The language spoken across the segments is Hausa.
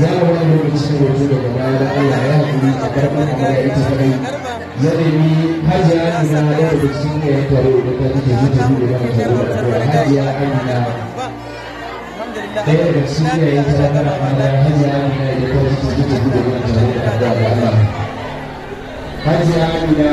ya wani lokacin da wato daga baya da Allah ya haƙuri a karɓar amarya ita kadai ya nemi hajiya amina da daga cikin da ya tare da ta take ji ta zuwa da mata da abuwa hajiya amina ɗaya daga cikin da ya tare da amina da ta take ji ta zuwa da mata da abuwa da Allah hajiya amina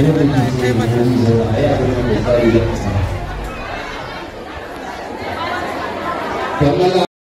Terima kasih.